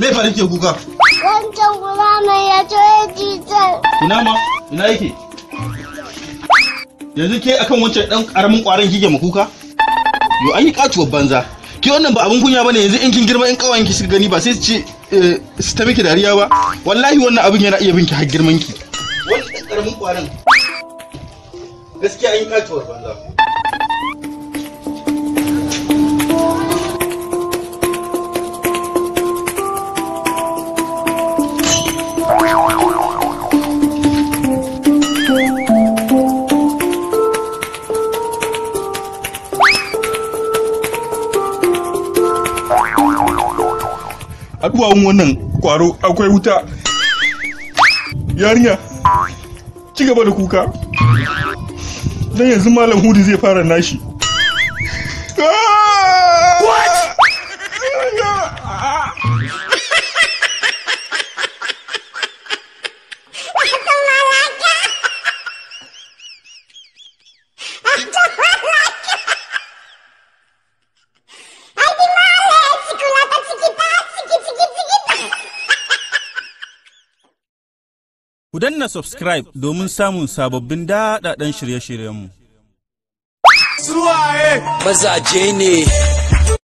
Me farin ke kuka? Wancan kula mai ya ce ya ta. Ina ma? Ina yake? Yanzu ke akan wancan ɗan ƙaramin ƙwaron kike ma kuka? Yo an yi ƙatuwar banza. Ki wannan ba abin kunya bane yanzu in kin girma in ƙawayen ki suka gani ba sai su ce eh, su ta miki dariya ba. Wallahi wannan abin yana iya binki har girman ki. Wannan ɗan ƙaramin ƙwaron. Gaskiya an yi ƙatuwar banza. a duwawun wannan kwaro akwai wuta yarinya ci gaba da kuka don yanzu malam hudu zai fara nashi ah! Ku danna subscribe domin samun sababbin daɗaɗɗen shirye-shiryenmu. Mazaje ne!